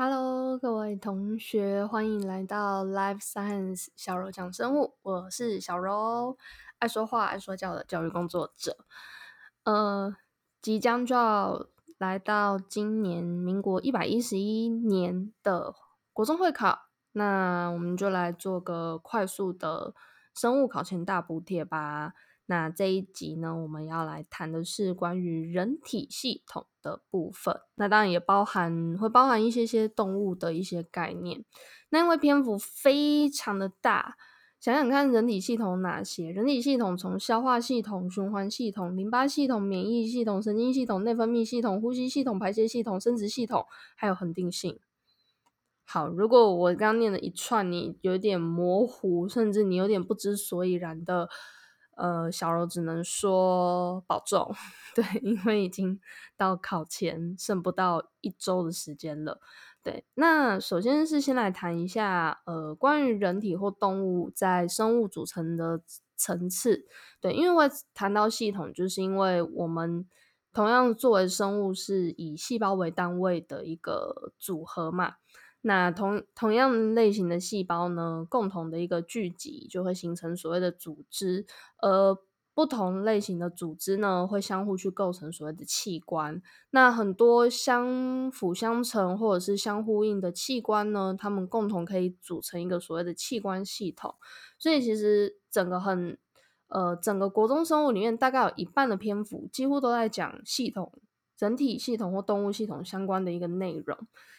Hello，各位同學，歡迎來到 Life Science 小柔講生物，我是小柔，愛說話、愛說教的教育工作者。呃，即將就要來到今年民國一百一十一年的國中會考，那我們就來做個快速的生物考前大補帖吧。那這一集呢，我們要來談的是關於人體系統的部分。那當然也包含，會包含一些些動物的一些概念。那因為篇幅非常的大，想想看人體系統哪些？人體系統從消化系統、循環系統、淋巴系統、免疫系統、神經系統、內分泌系統、呼吸系統、排泄系統、生殖系統，還有恆定性。好，如果我剛念了一串你有點模糊，甚至你有點不知所以然的，呃，小柔只能說保重，對，因為已經到考前，剩不到一周的時間了。對，那首先是先來談一下，呃，關於人體或動物在生物組成的層次，對，因為會談到系統，就是因為我們同樣作為生物，是以細胞為單位的一個組合嘛。那同同樣類型的細胞呢，共同的一個聚集就會形成所謂的組織，而不同類型的組織呢，會相互去構成所謂的器官。那很多相輔相成或者是相呼應的器官呢，它們共同可以組成一個所謂的器官系統。所以其實整個很呃整個國中生物裡面，大概有一半的篇幅幾乎都在講系統整體系統或動物系統相關的一個內容。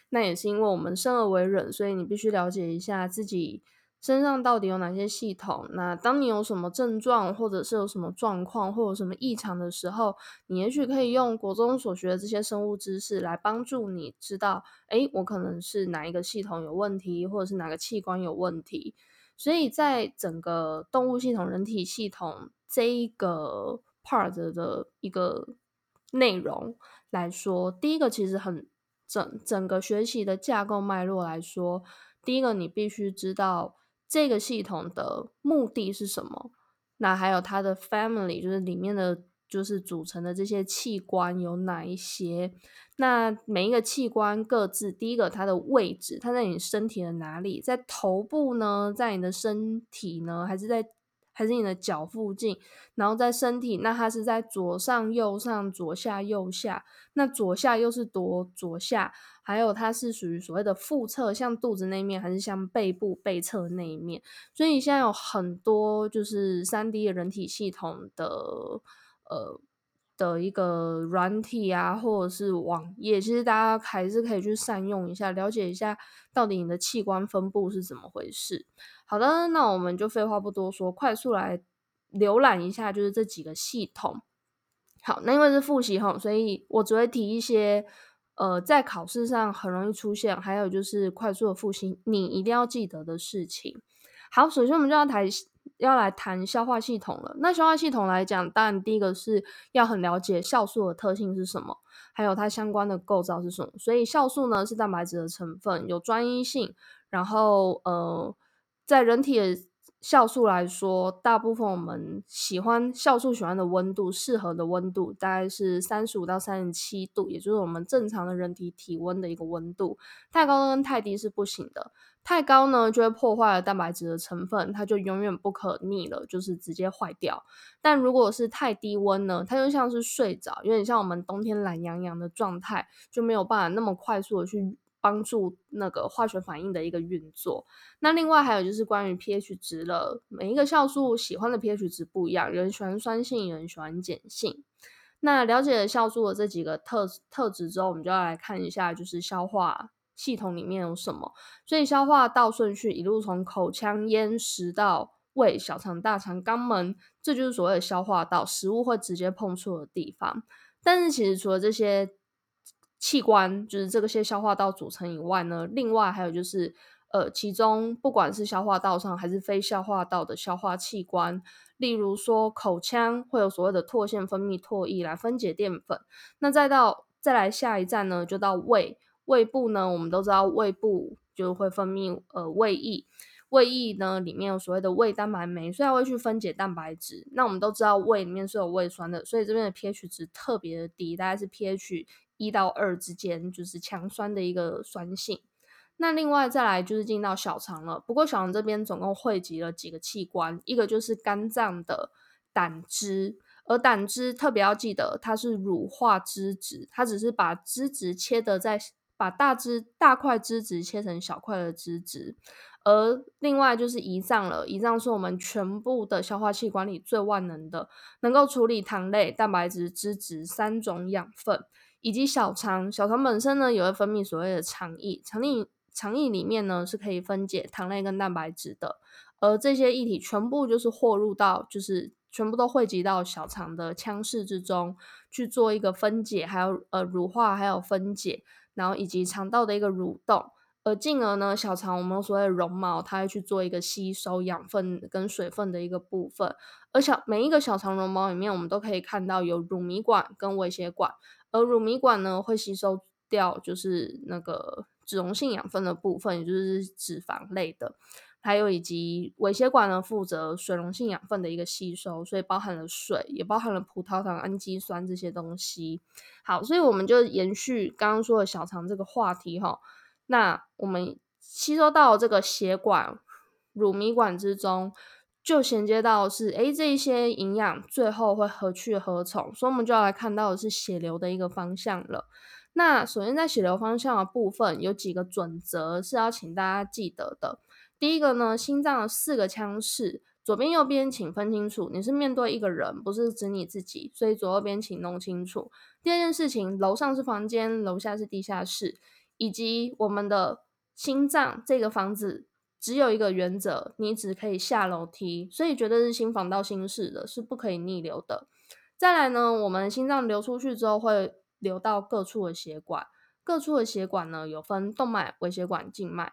那也是因為我們生而為人，所以你必須了解一下自己身上到底有哪些系統。那當你有什麼症狀，或者是有什麼狀況，或者有什麼異常的時候，你也許可以用國中所學的這些生物知識來幫助你知道，誒，我可能是哪一個系統有問題，或者是哪個器官有問題。所以在整個動物系統、人體系統這一個 part 的一個內容來說，第一個其實很。整整個學習的架構脈絡來說，第一個你必須知道這個系統的目的是什麼，那還有它的 family，就是裡面的，就是組成的這些器官有哪一些？那每一個器官各自，第一個它的位置，它在你身體的哪裡？在頭部呢？在你的身體呢？還是在？還是你的腳附近，然後在身體，那它是在左上、右上、左下、右下。那左下又是多左下，還有它是屬於所謂的腹側，像肚子那一面，還是像背部背側那一面？所以你現在有很多就是三 D 的人體系統的，呃。的一個軟體啊，或者是網頁，也其實大家還是可以去善用一下，了解一下到底你的器官分布是怎麼回事。好的，那我們就廢話不多說，快速來瀏覽一下就是這幾個系統。好，那因為是複習哈，所以我只會提一些呃在考試上很容易出現，還有就是快速的複習你一定要記得的事情。好，首先我們就要談。要來談消化系統了。那消化系統來講，當然第一個是要很了解酵素的特性是什麼，還有它相關的構造是什麼。所以酵素呢是蛋白質的成分，有專一性，然後呃，在人體。酵素來說，大部分我們喜歡酵素喜歡的溫度，適合的溫度大概是三十五到三十七度，也就是我們正常的人體體溫的一個溫度。太高跟太低是不行的。太高呢，就會破壞了蛋白質的成分，它就永遠不可逆了，就是直接壞掉。但如果是太低溫呢，它就像是睡着，有點像我們冬天懶洋洋的狀態，就沒有辦法那麼快速的去。幫助那個化學反應的一個運作。那另外還有就是關於 pH 值了，每一個酵素喜歡的 pH 值不一樣，有人喜歡酸性，有人喜歡鹼性。那了解了酵素的這幾個特特質之後，我們就要來看一下就是消化系統裡面有什麼。所以消化道順序一路從口腔、咽、食道、胃、小腸、大腸、肛門，這就是所謂的消化道，食物會直接碰觸的地方。但是其實除了這些。器官就是這個些消化道組成以外呢，另外還有就是，呃，其中不管是消化道上還是非消化道的消化器官，例如說口腔會有所謂的唾腺分泌唾液來分解澱粉，那再到再來下一站呢，就到胃，胃部呢，我們都知道胃部就會分泌呃胃液，胃液呢裡面有所謂的胃蛋白酶，所以它會去分解蛋白質，那我們都知道胃裡面是有胃酸的，所以這邊的 pH 值特別的低，大概是 pH。一到二之間就是強酸的一個酸性，那另外再來就是進到小腸了。不過小腸這邊總共匯集了幾個器官，一個就是肝臟的膽汁，而膽汁特別要記得，它是乳化脂質，它只是把脂質切得在把大脂大塊脂質切成小塊的脂質。而另外就是胰臟了，胰臟是我們全部的消化器官裡最萬能的，能夠處理糖類、蛋白質、脂質三種養分。以及小腸，小腸本身呢，也會分泌所謂的腸液，腸液，腸液裡面呢，是可以分解糖類跟蛋白質的，而這些液體全部就是匯入到，就是全部都匯集到小腸的腔室之中，去做一個分解，還有呃乳化，還有分解，然後以及腸道的一個蠕動，而進而呢，小腸我們所謂的絨毛，它會去做一個吸收養分跟水分的一個部分，而小，每一個小腸絨毛裡面，我們都可以看到有乳糜管跟微血管。而乳糜管呢，會吸收掉就是那個脂溶性養分的部分，也就是脂肪類的，還有以及微血管呢，負責水溶性養分的一個吸收，所以包含了水，也包含了葡萄糖、氨基酸這些東西。好，所以我們就延續剛剛說的小腸這個話題哈、哦，那我們吸收到這個血管、乳糜管之中。就銜接到的是，哎，這一些營養最後會何去何從？所以，我們就要來看到的是血流的一個方向了。那首先，在血流方向的部分，有幾個準則是要請大家記得的。第一個呢，心臟的四個腔室，左邊右邊請分清楚，你是面對一個人，不是指你自己，所以左右邊請弄清楚。第二件事情，樓上是房間，樓下是地下室，以及我們的心臟這個房子，只有一個原則，你只可以下樓梯，所以絕對是心房到心室的，是不可以逆流的。再來呢，我們心臟流出去之後會流到各處的血管，各處的血管呢有分動脈、微血管、靜脈。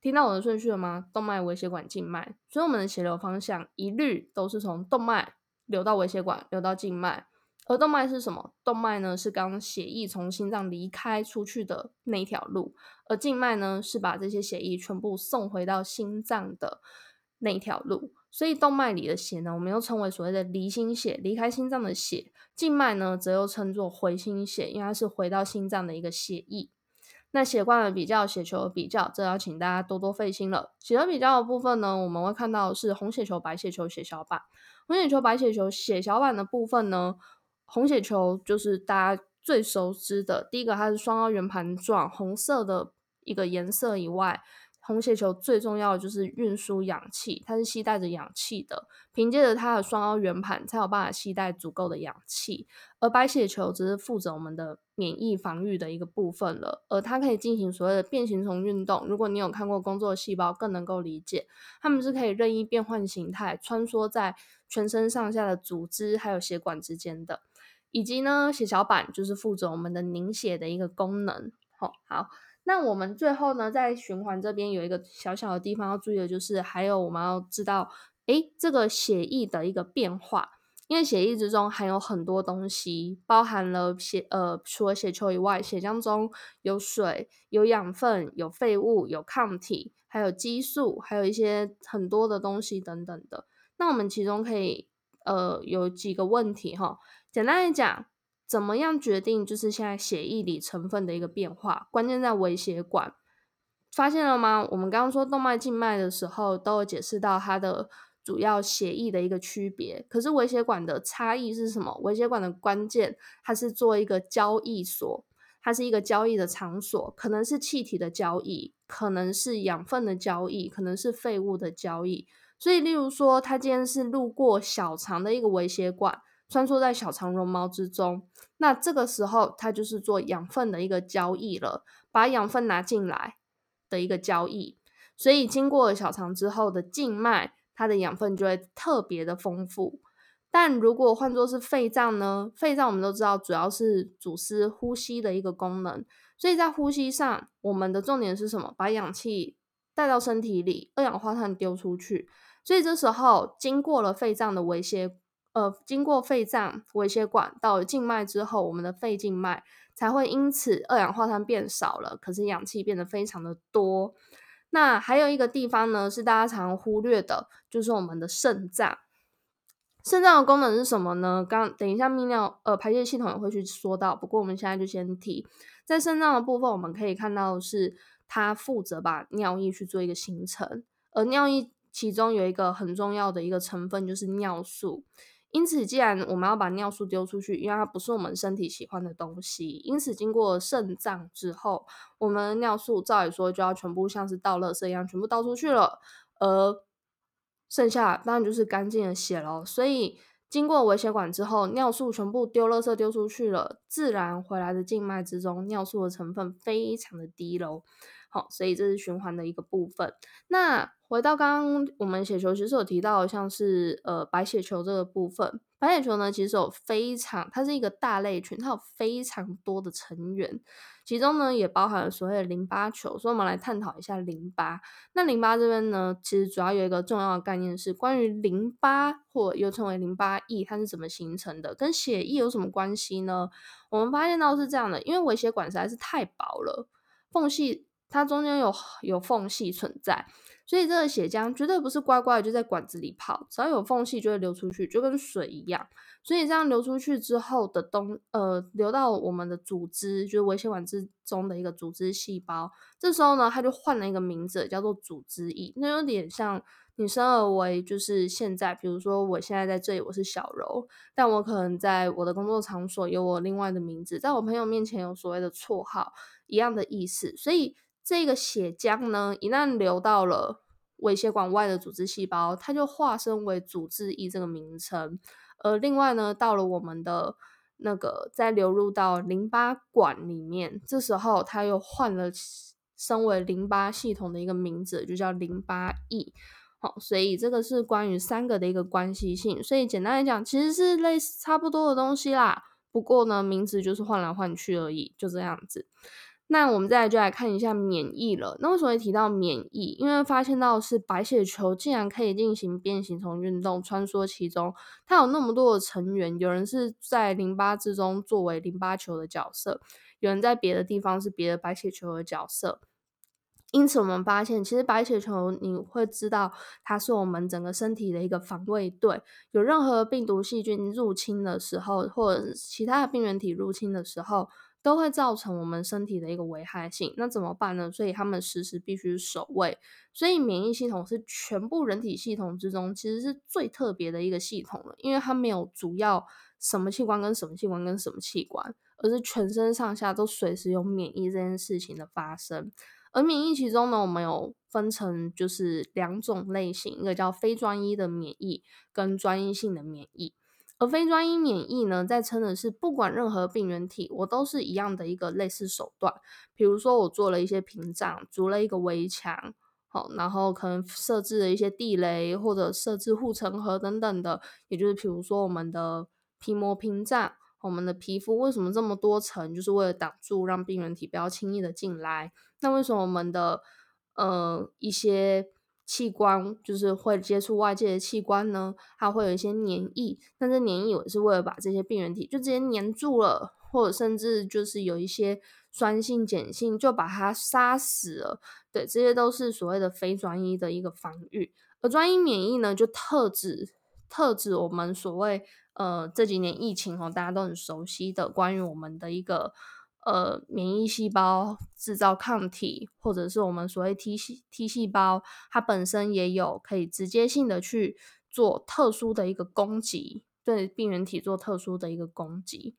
聽到我的順序了嗎？動脈、微血管、靜脈。所以我們的血流方向一律都是從動脈流到微血管，流到靜脈。而動脈是什麼？動脈呢，是剛血液從心臟離開出去的那條路，而靜脈呢，是把這些血液全部送回到心臟的那條路。所以動脈裡的血呢，我們又稱為所謂的離心血，離開心臟的血；靜脈呢，則又稱作回心血，應該是回到心臟的一個血液。那血管的比較、血球的比較，這要請大家多多費心了。血球比較的部分呢，我們會看到是紅血球、白血球、血小板。紅血球、白血球、血小板的部分呢？紅血球就是大家最熟知的，第一個它是雙凹圓盤狀，紅色的一個顏色以外，紅血球最重要的就是運輸氧氣，它是攜帶着氧氣的，憑借着它的雙凹圓盤才有辦法攜帶足夠的氧氣，而白血球只是負責我們的免疫防御的一個部分了，而它可以進行所謂的變形蟲運動，如果你有看過工作細胞，更能夠理解，它們是可以任意變換形態，穿梭在全身上下的組織還有血管之間的。以及呢，血小板就是負責我們的凝血的一個功能。好，好，那我們最後呢，在循環這邊有一個小小的地方要注意的，就是還有我們要知道，哎、欸，這個血液的一個變化，因為血液之中含有很多東西，包含了血呃，除了血球以外，血漿中有水、有養分、有廢物、有抗體，還有激素，還有一些很多的東西等等的。那我們其中可以呃有幾個問題哈。齁簡單來講，怎麼樣決定就是現在血液裡成分的一個變化？關鍵在微血管，發現了嗎？我們剛剛說動脈、靜脈的時候，都有解釋到它的主要血液的一個區別。可是微血管的差異是什麼？微血管的關鍵，它是做一個交易所，它是一個交易的場所，可能是氣體的交易，可能是養分的交易，可能是廢物的交易。所以，例如說，它今天是路過小腸的一個微血管。穿梭在小腸絨毛之中，那這個時候它就是做養分的一個交易了，把養分拿進來的一個交易。所以經過了小腸之後的靜脈，它的養分就會特別的豐富。但如果換作是肺臟呢？肺臟我們都知道，主要是主司呼吸的一個功能，所以在呼吸上，我們的重點是什麼？把氧氣帶到身體裡，二氧化碳丟出去。所以這時候經過了肺臟的微血呃，經過肺臟微血管到靜脈之後，我們的肺靜脈才會因此二氧化碳變少了，可是氧氣變得非常的多。那還有一個地方呢，是大家常常忽略的，就是我們的腎臟。腎臟的功能是什麼呢？剛等一下，泌尿呃排泄系統也會去說到，不過我們現在就先提，在腎臟的部分，我們可以看到是它負責把尿液去做一個形成，而尿液其中有一個很重要的一個成分就是尿素。因此，既然我們要把尿素丟出去，因為它不是我們身體喜歡的東西，因此經過腎臟之後，我們尿素照理說就要全部像是倒垃圾一樣全部倒出去了，而剩下當然就是乾淨的血嘍。所以經過微血管之後，尿素全部丟垃圾丟出去了，自然回來的靜脈之中，尿素的成分非常的低嘍。好、哦，所以這是循環的一個部分。那回到剛剛我們血球其實有提到，像是呃白血球這個部分，白血球呢其實有非常，它是一個大類群，它有非常多的成員，其中呢也包含了所謂的淋巴球。所以我們來探討一下淋巴。那淋巴這邊呢，其實主要有一個重要的概念是關於淋巴或又稱為淋巴液，它是怎麼形成的，跟血液有什麼關係呢？我們發現到是這樣的，因為微血管實在是太薄了，縫隙。它中間有有縫隙存在，所以這個血漿絕對不是乖乖的就在管子裡跑，只要有縫隙就會流出去，就跟水一樣。所以這樣流出去之後的東，呃，流到我們的組織，就是微血管之中的一個組織細胞。這時候呢，它就換了一個名字，叫做組織液。那有點像你身而為，就是現在，比如說我現在在這裡，我是小柔，但我可能在我的工作場所有我另外的名字，在我朋友面前有所謂的綽號一樣的意思，所以。這個血漿呢，一旦流到了微血管外的組織細胞，它就化身為組織液這個名稱。而另外呢，到了我們的那個再流入到淋巴管裡面，這時候它又換了，成為淋巴系統的一個名字，就叫淋巴液、e。好、哦，所以這個是關於三個的一個關係性。所以簡單來講，其實是類似差不多的東西啦。不過呢，名字就是換來換去而已，就這樣子。那我們再來就來看一下免疫了。那為什麼提到免疫？因為發現到的是白血球竟然可以進行變形蟲運動穿梭其中，它有那麼多的成員，有人是在淋巴之中作為淋巴球的角色，有人在別的地方是別的白血球的角色。因此，我們發現其實白血球，你會知道它是我們整個身體的一個防衛隊。有任何病毒細菌入侵的時候，或者其他的病原體入侵的時候。都會造成我們身體的一個危害性，那怎麼辦呢？所以他們時時必須守衛，所以免疫系統是全部人體系統之中其實是最特別的一個系統了，因為它沒有主要什麼器官跟什麼器官跟什麼器官，而是全身上下都隨時有免疫這件事情的發生。而免疫其中呢，我們有分成就是兩種類型，一個叫非專一的免疫，跟專一性的免疫。而非專一免疫呢，在稱的是，不管任何病原體，我都是一樣的一個類似手段。比如說，我做了一些屏障，築了一個圍牆，好，然後可能設置了一些地雷，或者設置護城河等等的。也就是，比如說我們的皮膜屏障，我們的皮膚為什麼這麼多層，就是為了擋住，讓病原體不要輕易的進來。那為什麼我們的呃一些器官，就是會接觸外界的器官呢，它會有一些黏液，但是黏液也是為了把這些病原體就直接粘住了，或者甚至就是有一些酸性、鹼性，就把它殺死了。對，這些都是所謂的非專一的一個防禦。而專一免疫呢，就特指特指我們所謂呃這幾年疫情哦，大家都很熟悉的關於我們的一個。呃，免疫細胞製造抗體，或者是我們所謂 T 細 T 細胞，它本身也有可以直接性的去做特殊的一個攻擊，對病原體做特殊的一個攻擊。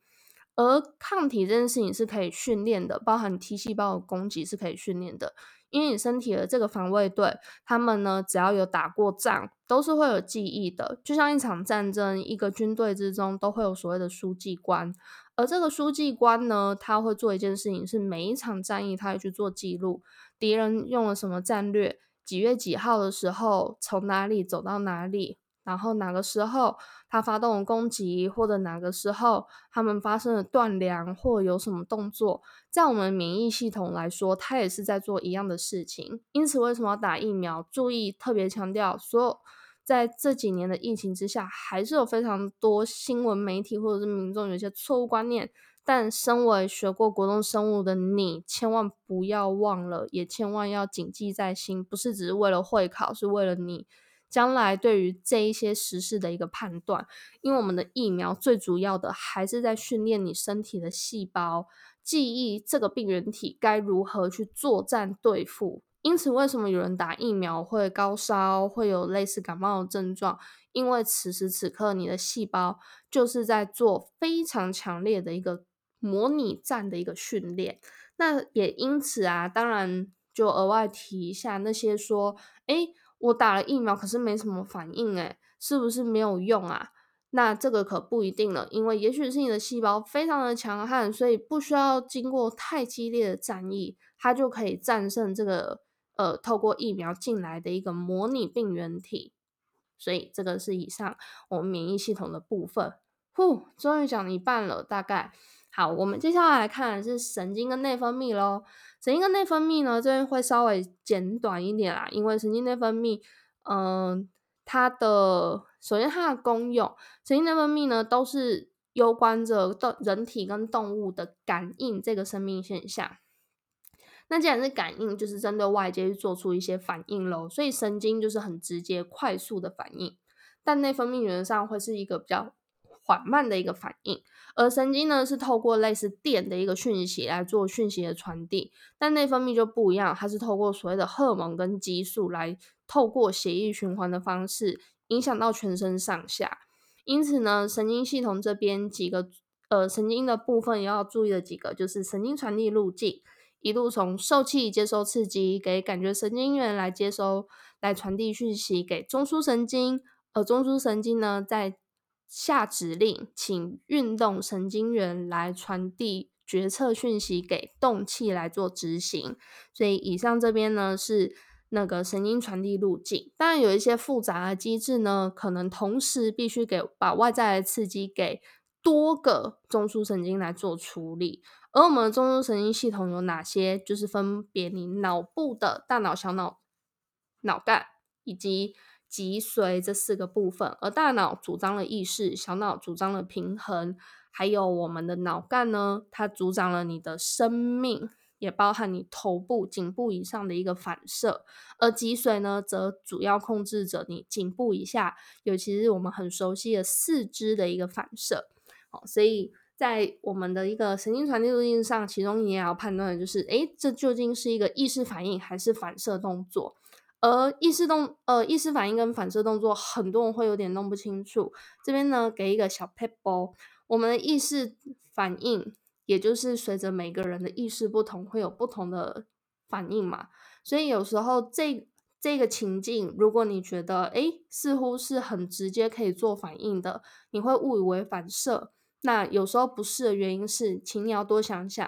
而抗體這件事情是可以訓練的，包含 T 細胞的攻擊是可以訓練的，因為你身體的這個防衛隊，他們呢只要有打過仗，都是會有記憶的。就像一場戰爭，一個軍隊之中都會有所謂的書記官。而這個書記官呢，他會做一件事情，是每一場戰役，他要去做記錄，敵人用了什麼戰略，幾月幾號的時候，從哪裡走到哪裡，然後哪個時候他發動了攻擊，或者哪個時候他們發生了斷糧或有什麼動作，在我們免疫系統來說，他也是在做一樣的事情，因此為什麼要打疫苗？注意特別強調所有。在這幾年的疫情之下，還是有非常多新聞媒體或者是民眾有一些錯誤觀念。但身為學過國中生物的你，千萬不要忘了，也千萬要謹記在心，不是只是為了會考，是為了你將來對於這一些時事的一個判斷。因為我們的疫苗最主要的還是在訓練你身體的細胞記憶，這個病原體該如何去作戰對付。因此，為什麼有人打疫苗會高燒，會有類似感冒的症狀？因為此時此刻你的細胞就是在做非常強烈的一個模擬戰的一個訓練。那也因此啊，當然就額外提一下那些說：“哎，我打了疫苗，可是沒什麼反應，哎，是不是沒有用啊？”那這個可不一定了，因為也許是你的細胞非常的強悍，所以不需要經過太激烈的戰役，它就可以戰勝這個。呃，透過疫苗進來的一個模擬病原體，所以這個是以上我們免疫系統的部分。呼，終於講一半了，大概。好，我們接下來來看的是神經跟內分泌咯，神經跟內分泌呢，這邊會稍微簡短一點啦，因為神經內分泌，嗯、呃，它的首先它的功用，神經內分泌呢都是攸關着動人體跟動物的感應這個生命現象。那既然是感應，就是針對外界去做出一些反應咯，所以神經就是很直接、快速的反應，但內分泌，原則上會是一個比較緩慢的一個反應。而神經呢，是透過類似電的一個訊息來做訊息的傳遞，但內分泌就不一樣，它是透過所謂的荷爾蒙跟激素來透過血液循環的方式影響到全身上下。因此呢，神經系統這邊幾個呃神經的部分也要注意的幾個，就是神經傳遞路徑。一路從受器接收刺激，給感覺神經元來接收，來傳遞訊息給中樞神經。呃，中樞神經呢在下指令，請運動神經元來傳遞決策訊息給動器來做執行。所以以上這邊呢是那個神經傳遞路徑。當然有一些複雜的機制呢，可能同時必須給把外在的刺激給。多個中樞神經來做處理，而我們的中樞神經系統有哪些？就是分別你腦部的大腦、小腦、腦幹以及脊髓這四個部分。而大腦主張了意識，小腦主張了平衡，還有我們的腦幹呢，它主張了你的生命，也包含你頭部、頸部以上的一個反射。而脊髓呢，則主要控制着你頸部以下，尤其是我們很熟悉的四肢的一個反射。所以，在我們的一個神經傳遞路徑上，其中你也要判斷的就是，誒，這究竟是一個意識反應還是反射動作？而意識動呃，意識反應跟反射動作，很多人會有點弄不清楚。這邊呢，給一個小撇步，我們的意識反應，也就是隨着每個人的意識不同，會有不同的反應嘛。所以有時候這這個情境，如果你覺得誒似乎是很直接可以做反應的，你會誤以為反射。那有時候不是的原因是，請你要多想想，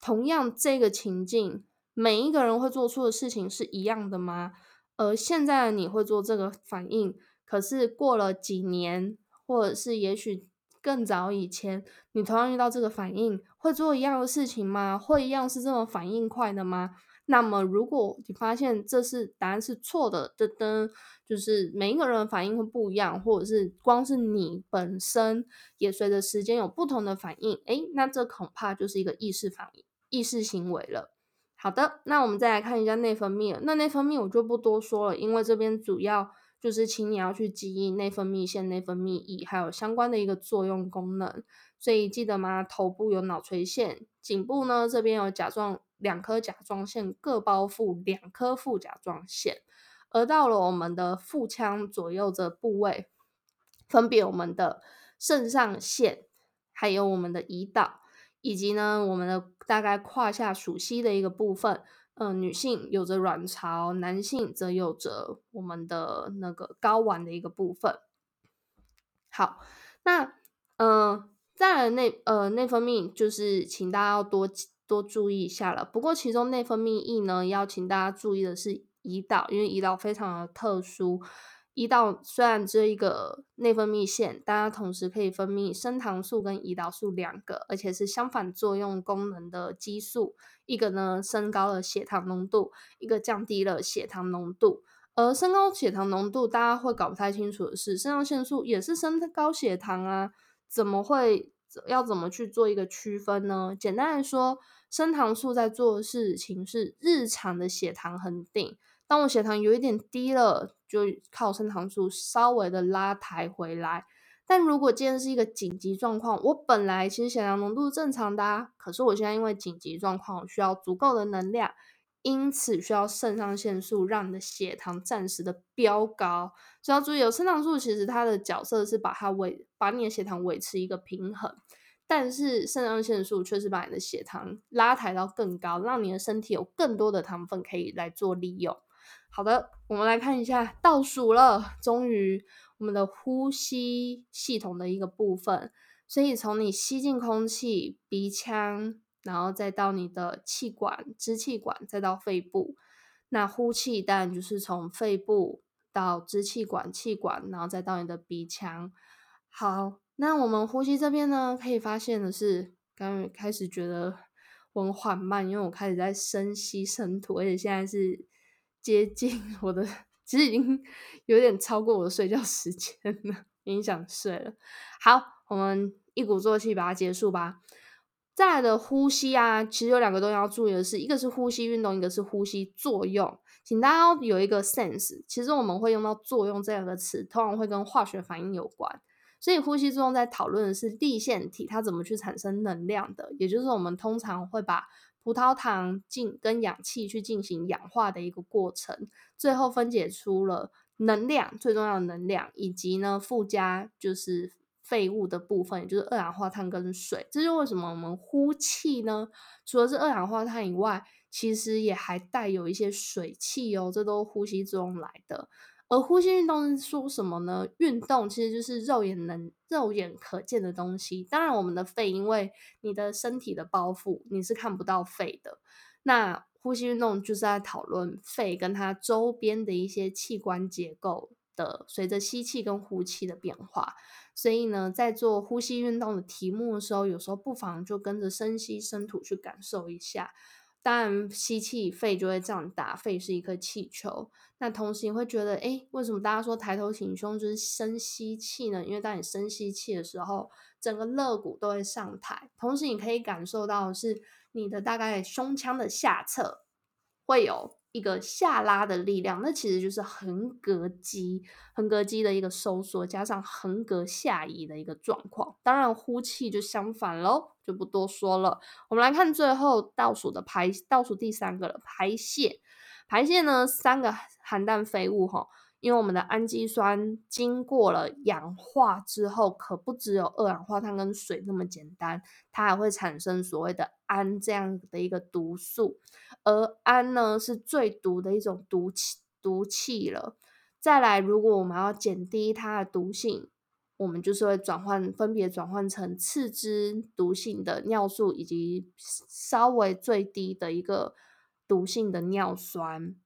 同樣這個情境，每一個人會做出的事情是一樣的嗎？而現在你會做這個反應，可是過了幾年，或者是也許更早以前，你同樣遇到這個反應，會做一樣的事情嗎？會一樣是這麼反應快的嗎？那麼，如果你發現這是答案是錯的，噔噔，就是每一個人的反應會不一樣，或者是光是你本身也隨着時間有不同的反應，誒，那這恐怕就是一個意識反應，意識行為了。好的，那我們再來看一下內分泌。那內分泌我就不多說了，因為這邊主要就是請你要去記憶內分泌腺、內分泌液，還有相關的一個作用功能。所以記得嗎？頭部有腦垂腺，頸部呢，這邊有甲狀。兩顆甲狀腺各包覆兩顆副甲狀腺，而到了我們的腹腔左右的部位，分別我們的腎上腺，還有我們的胰島，以及呢我們的大概胯下鼠蹊的一個部分。嗯、呃，女性有着卵巢，男性則有着我們的那個睾丸的一個部分。好，那嗯、呃，再來內呃內分泌就是，請大家要多。多注意一下了。不過其中內分泌系呢，要請大家注意的是胰島，因為胰島非常的特殊。胰島雖然只有一個內分泌腺，但同時可以分泌升糖素跟胰島素兩個，而且是相反作用功能的激素。一個呢升高了血糖濃度，一個降低了血糖濃度。而升高血糖濃度，大家會搞不太清楚的是，腎上腺素也是升高血糖啊？怎麼會要怎麼去做一個區分呢？簡單來說。升糖素在做的事情是日常的血糖恆定，當我血糖有一點低了，就靠升糖素稍微的拉抬回來。但如果今天是一個緊急狀況，我本來其實血糖濃度正常的，啊，可是我現在因為緊急狀況，我需要足夠的能量，因此需要腎上腺素讓你的血糖暫時的飆高。需要注意，哦，有升糖素其實它的角色是把它維把你的血糖維持一個平衡。但是腎上腺素確實把你的血糖拉抬到更高，讓你的身體有更多的糖分可以來做利用。好的，我們來看一下倒數了，終於我們的呼吸系統的一個部分。所以從你吸進空氣，鼻腔，然後再到你的氣管、支氣管，再到肺部。那呼氣當然就是從肺部到支氣管、氣管，然後再到你的鼻腔。好。那我們呼吸這邊呢，可以發現的是，剛開始覺得我很緩慢，因為我開始在深吸深吐，而且現在是接近我的，其實已經有點超過我的睡覺時間了，已經想睡了。好，我們一鼓作氣把它結束吧。再來的呼吸啊，其實有兩個東西要注意的是，一個是呼吸運動，一個是呼吸作用。請大家要有一個 sense，其實我們會用到“作用”這兩個詞，通常會跟化學反應有關。所以呼吸之中在討論的是粒線體，它怎麼去產生能量的，也就是我們通常會把葡萄糖進跟氧氣去進行氧化的一個過程，最後分解出了能量，最重要的能量，以及呢附加就是廢物的部分，也就是二氧化碳跟水。這就為什麼我們呼氣呢？除了是二氧化碳以外，其實也還帶有一些水汽哦，這都呼吸之中來的。而呼吸運動是說什麼呢？運動其實就是肉眼能、肉眼可見的東西。當然，我們的肺，因為你的身體的包覆，你是看不到肺的。那呼吸運動就是在討論肺跟它周邊的一些器官結構的隨着吸氣跟呼氣的變化。所以呢，在做呼吸運動的題目的時候，有時候不妨就跟着深吸深吐去感受一下。當然，吸氣肺就會這樣打。肺是一個氣球。那同時你會覺得，哎、欸，為什麼大家說抬頭挺胸就是深吸氣呢？因為當你深吸氣的時候，整個肋骨都會上抬，同時你可以感受到是你的大概胸腔的下側會有一個下拉的力量，那其實就是橫膈肌，橫膈肌的一個收縮加上橫膈下移的一個狀況。當然，呼氣就相反嘍。就不多說了，我們來看最後倒數的排，倒數第三個了，排泄。排泄呢，三個含氮廢物哈，因為我們的氨基酸經過了氧化之後，可不只有二氧化碳跟水那麼簡單，它還會產生所謂的氨這樣的一個毒素，而氨呢是最毒的一種毒氣毒氣了。再來，如果我們要減低它的毒性。我們就是會轉換，分別轉換成次之毒性的尿素，以及稍微最低的一個毒性的尿酸。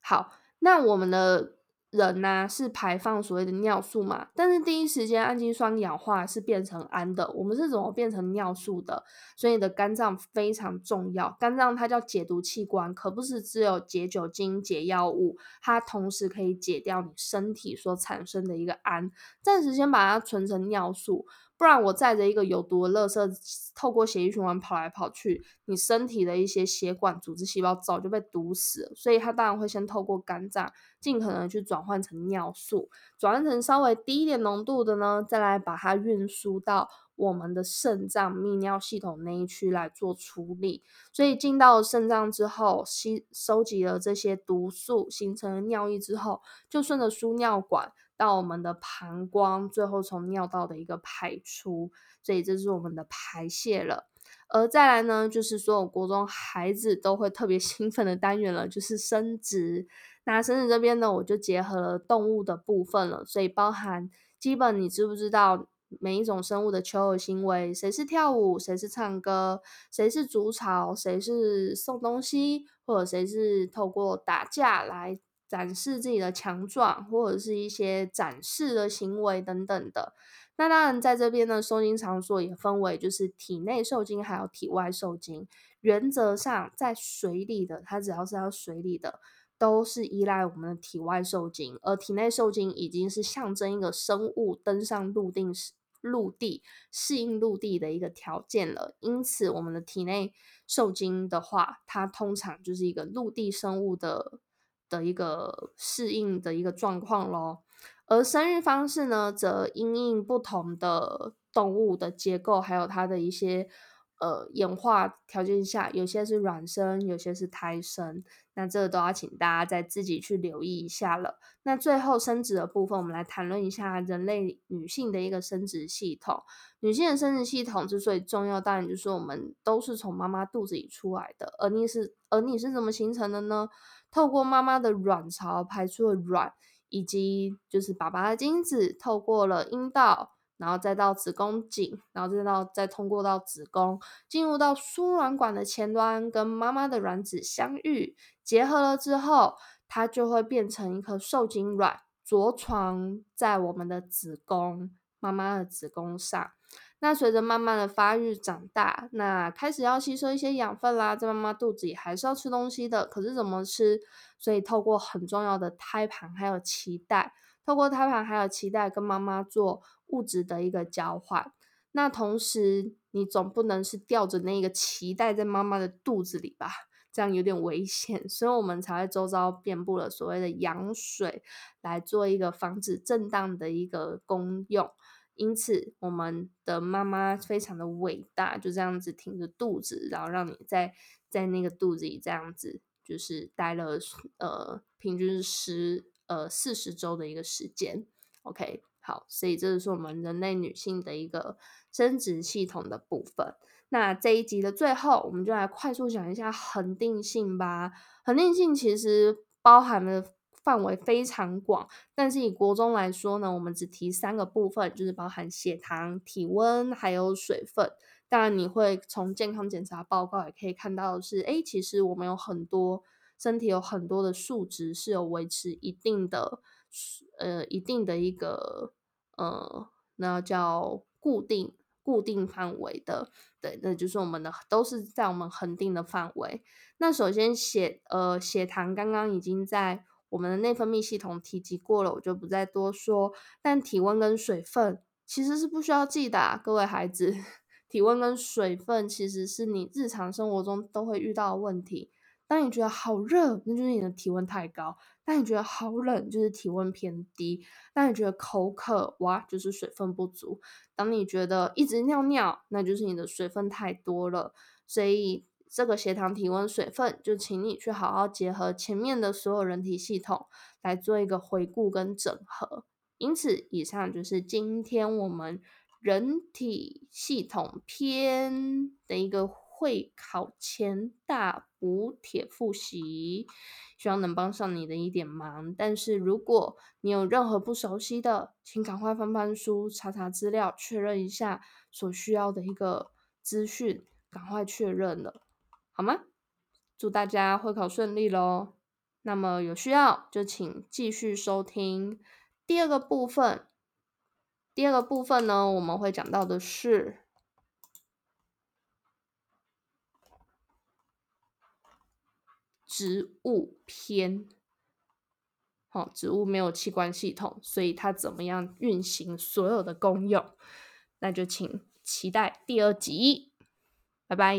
好，那我們的。人吶、啊、是排放所謂的尿素嘛，但是第一時間氨基酸氧化是變成氨的，我們是怎麼變成尿素的？所以你的肝臟非常重要，肝臟它叫解毒器官，可不是只有解酒精、解藥物，它同時可以解掉你身體所產生的一個氨，暫時先把它存成尿素。不然我載着一個有毒的垃圾，透過血液循環跑來跑去，你身體的一些血管、組織細胞早就被毒死了，所以它當然會先透過肝臟，盡可能去轉換成尿素，轉換成稍微低一點濃度的呢，再來把它運輸到我們的腎臟泌尿系統那一區來做處理。所以進到腎臟之後，吸收集了這些毒素，形成了尿液之後，就順着輸尿管。到我們的膀胱，最後從尿道的一個排出，所以這是我們的排泄了。而再來呢，就是所有國中孩子都會特別興奮的單元了，就是生殖。那生殖這邊呢，我就結合了動物的部分了，所以包含基本你知不知道每一種生物的求偶行為，誰是跳舞，誰是唱歌，誰是築巢，誰是送東西，或者誰是透過打架來。展示自己的強壯，或者是一些展示的行為等等的。那當然，在這邊呢，受精場所也分為就是體內受精還有體外受精。原則上，在水裡的它只要是在水裡的，都是依賴我們的體外受精。而體內受精已經是象徵一個生物登上陸地，陸地適應陸地的一個條件了。因此，我們的體內受精的話，它通常就是一個陸地生物的。的一個適應的一個狀況咯而生育方式呢，則因應不同的動物的結構，還有它的一些呃演化條件下，有些是卵生，有些是胎生，那這個都要請大家再自己去留意一下了。那最後生殖的部分，我們來談論一下人類女性的一個生殖系統。女性的生殖系統之所以重要，當然就是我們都是從媽媽肚子裡出來的，而你是，而你是怎麼形成的呢？透過媽媽的卵巢排出了卵，以及就是爸爸的精子，透過了陰道，然後再到子宮頸，然後再到，再通過到子宮，進入到輸卵管的前端，跟媽媽的卵子相遇，結合了之後，它就會變成一顆受精卵，着床在我們的子宮，媽媽的子宮上。那隨着慢慢的發育長大，那開始要吸收一些養分啦，在媽媽肚子裡還是要吃東西的。可是怎麼吃？所以透過很重要的胎盤還有臍帶，透過胎盤還有臍帶跟媽媽做物質的一個交換。那同時，你總不能是吊着那個臍帶在媽媽的肚子裡吧？這樣有點危險，所以我們才會周遭遍布了所謂的羊水，來做一個防止震盪的一個功用。因此，我們的媽媽非常的偉大，就這樣子挺着肚子，然後讓你在在那個肚子裡這樣子，就是待了呃平均是十呃四十週的一個時間。OK，好，所以這就是我們人類女性的一個生殖系統的部分。那這一集的最後，我們就來快速講一下恆定性吧。恆定性其實包含了，範圍非常廣，但是以國中來說呢，我們只提三個部分，就是包含血糖、體溫還有水分。當然，你會從健康檢查報告也可以看到是，是、欸、哎，其實我們有很多身體有很多的數值是有維持一定的數，呃，一定的一個呃，那叫固定、固定範圍的。對，那就是我們的都是在我們恆定的範圍。那首先血呃血糖剛剛已經在我們的內分泌系統提及過了，我就不再多說。但體溫跟水分其實是不需要記的啊，各位孩子，體溫跟水分其實是你日常生活中都會遇到的問題。當你覺得好熱，那就是你的體溫太高；當你覺得好冷，就是體溫偏低；當你覺得口渴，哇，就是水分不足。當你覺得一直尿尿，那就是你的水分太多了。所以這個血糖、體溫、水分，就請你去好好結合前面的所有人體系統來做一個回顧跟整合。因此，以上就是今天我們人體系統篇的一個會考前大補帖複習，希望能幫上你的一點忙。但是，如果你有任何不熟悉的，請趕快翻翻書、查查資料，確認一下所需要的一個資訊，趕快確認了。好嗎？祝大家會考順利嘍！那麼有需要就請繼續收聽第二個部分。第二個部分呢，我們會講到的是植物篇。好，植物沒有器官系統，所以它怎麼樣運行所有的功用？那就請期待第二集。拜拜。